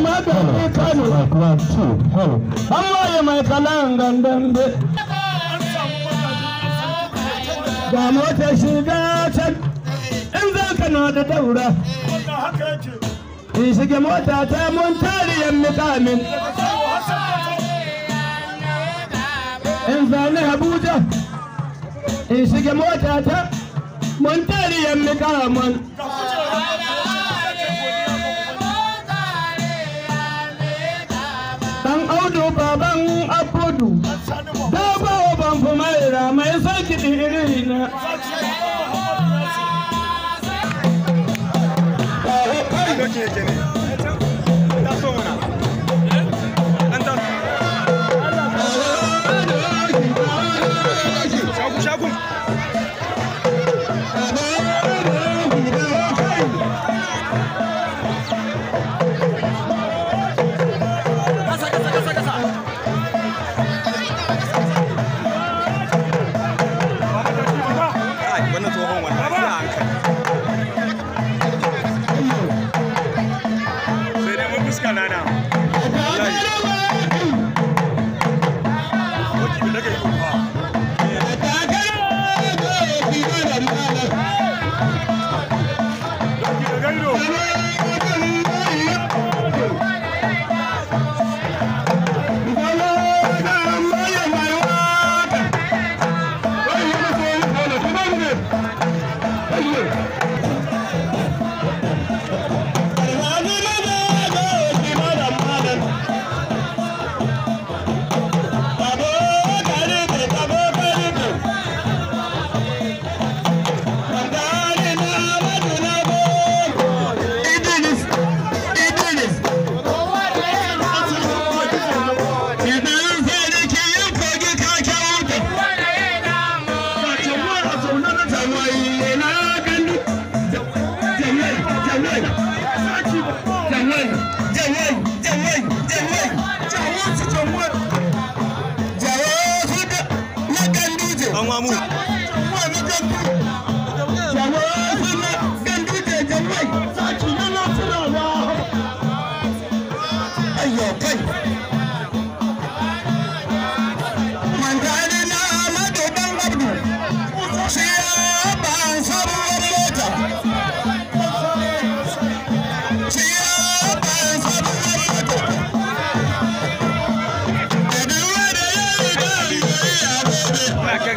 amma da ne kano Allah ya mai kalangan dambe ga mota shiga can in za ka na da daura in shige mota ta mun tariyan mukamin in zane Abuja in shige mota ta mun tariyan mukamin audu baban abudu da bawa ban fi mai ramai sarki iri na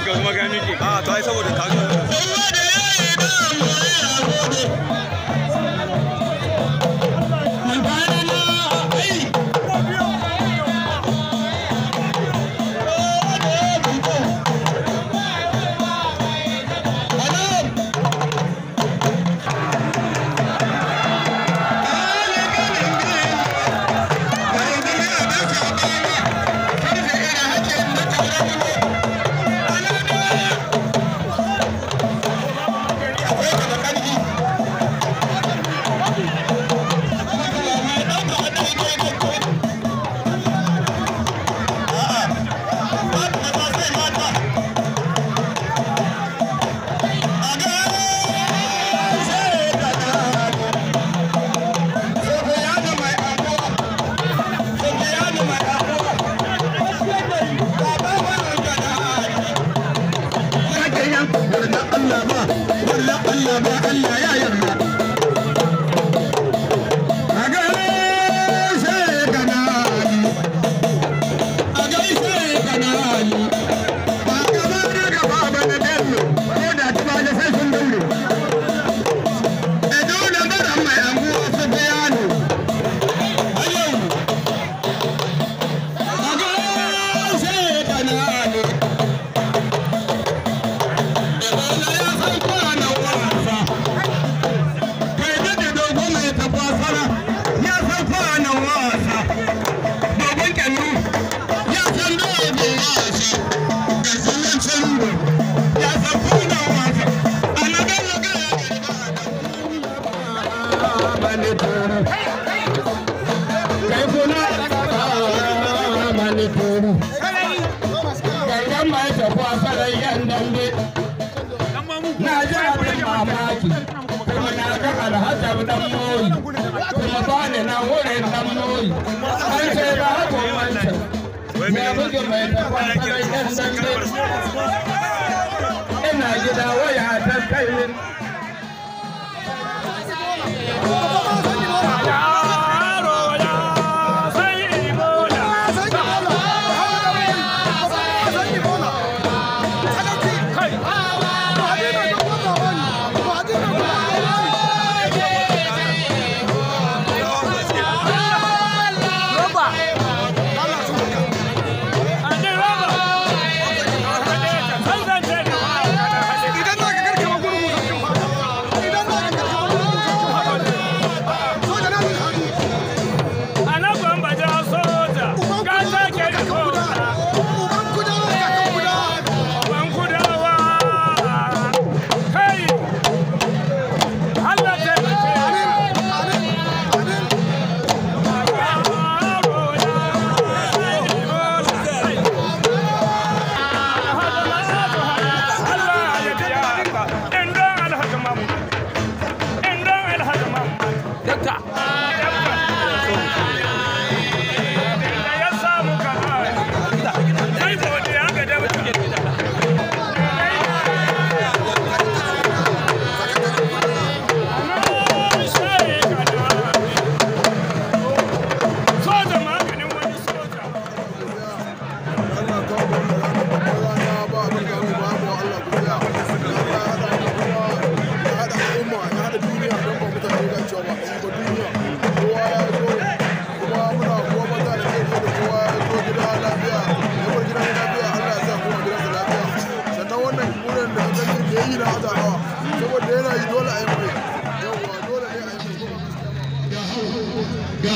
ka kuma gani ke a ah, to ka na ji abin mamaki kuma na ga alhajar dan moyi kuma ba ni na wurin dan moyi an ce ba haka wancan me bugu mai tabbatar yan dambe ina gida waya ta kai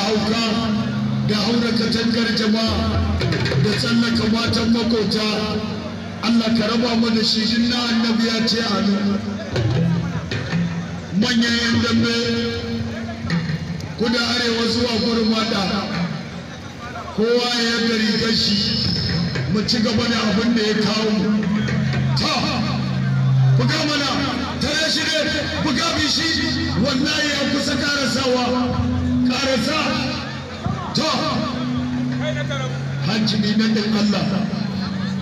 Hauka da haura tankar jama'a da tsallaka matan makota Allah ka raba mu da shi shi na annabi ya ce amin manyan yan dambe kuda arewa zuwa gurin kowa ya gari gashi mu ci gaba da abin da ya kawo mu ta buga mana tare shi ne buga bishi wallahi ya kusa karasawa marasa to hajjini na ɗin Allah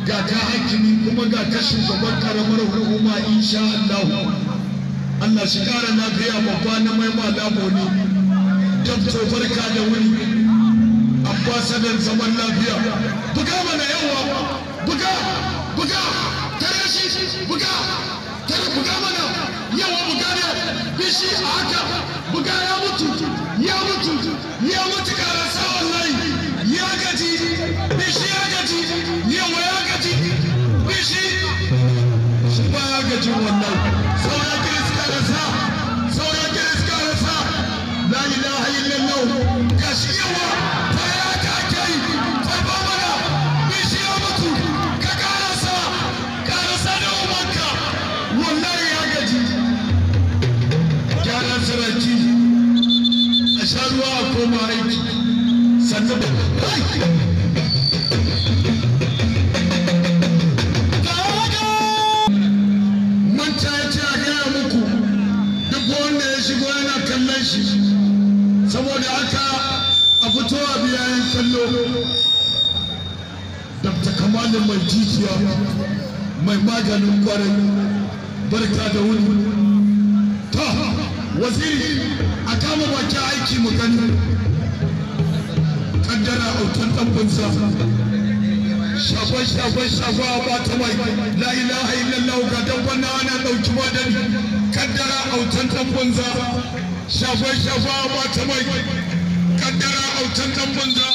ga ta hajjini kuma ga ta shugaban karamar hukuma insha Allah Allah shi lafiya babba na mai malabo ne da wuri ambasadan zaman lafiya buga mana yawa buga buga tare shi buga tare buga mana yawa buga ne bishi a haka buga ya mutu ya mutu Thank you. kaddara autan ɗanɓunsa shafa shafa shafa ba ta mai la ilaha illallah ga dabban na ana ɗauki wadani kaddara autan ɗanɓunsa shafa shafa ba ta mai kaddara autan ɗanɓunsa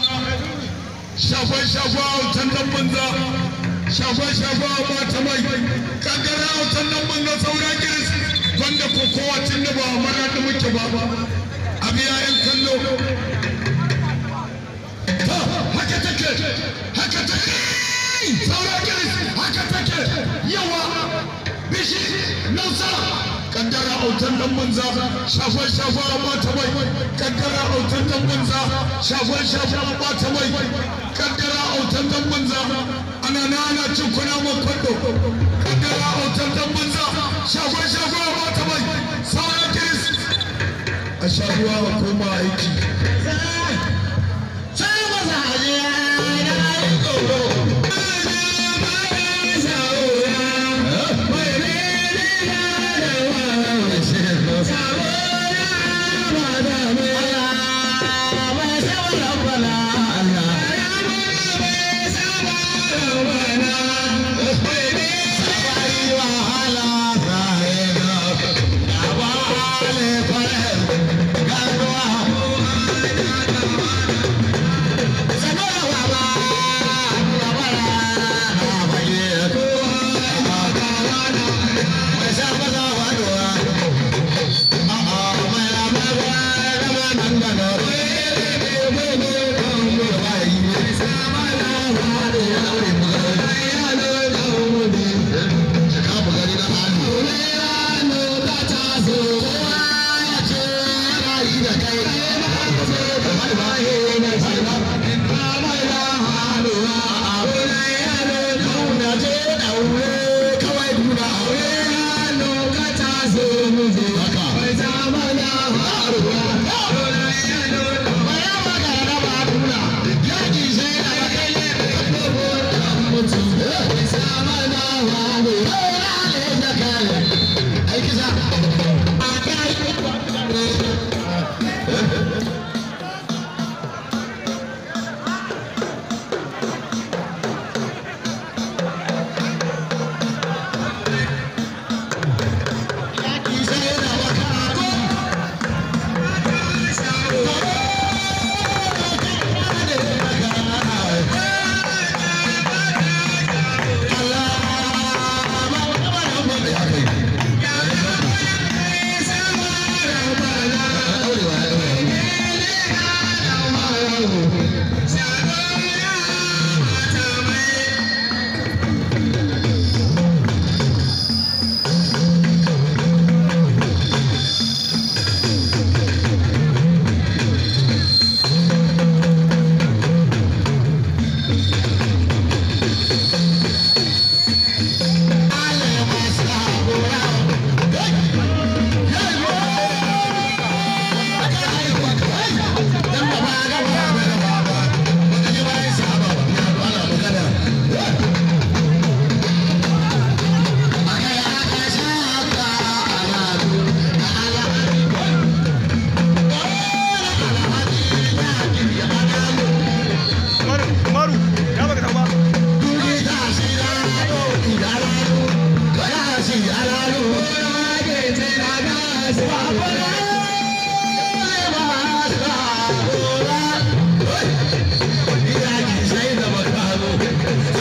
shafa shafa autan ɗanɓunsa shafa shafa ba ta mai kaddara autan ɗanɓunsa sauran kiris wanda kokowa tun da ba mara da muke ba a biya biyo to haka yawa bishi nasara kaddara autan banza ta bai autan dan banza autan banza ana nana ana cin kuna makwado kaddara autan dan banza shafar shafar amma ta a sha ruwa a koma aiki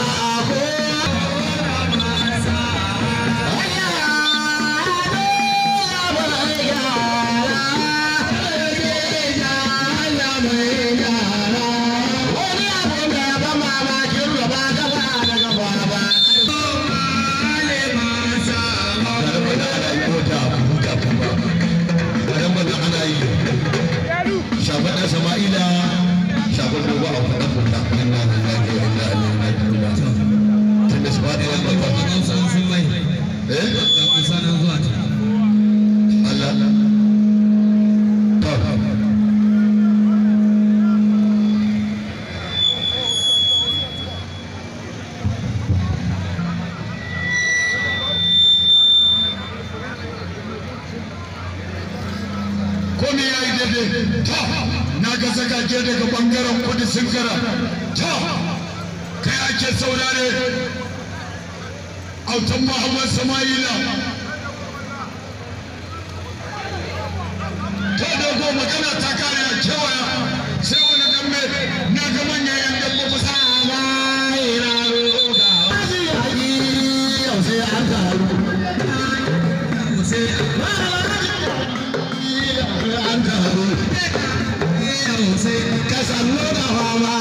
I je daga bangaren kudu sun gara ta kai ake saurare autan muhammad sama'ila ta dogo magana ta sannu da fama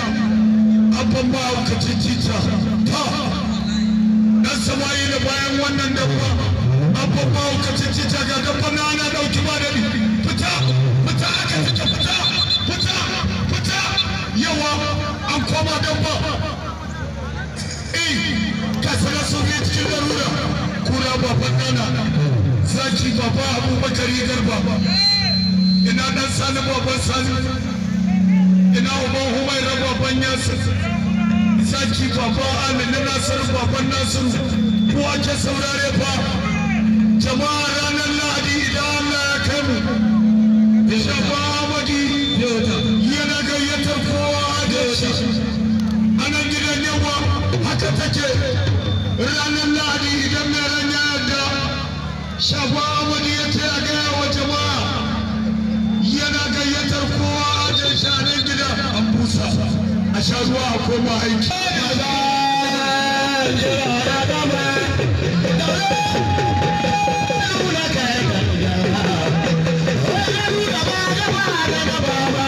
abban ba ka cicita ta dan samayi da bayan wannan dabba abban ba ka cicita ga dabba na ana dauki ba da fita fita aka fita fita fita fita yawa an koma dabba eh ka sana sun yi cikin larura kura baban nana zaki baba abubakar yi garba ina dan sani baban sani ina uban humaira ban yasir zaki baban amin na nasiru baban nasiru ko ake saurare fa jama'a ranar lahadi idan allah ya kai mu bishop ahmadi yana gayyatar kowa da shi anan gidan yawa haka take ranar lahadi idan mai ran ya yarda shafa ahmadi ya ce a gaya wa jama'a sabuwa a koma aiki ba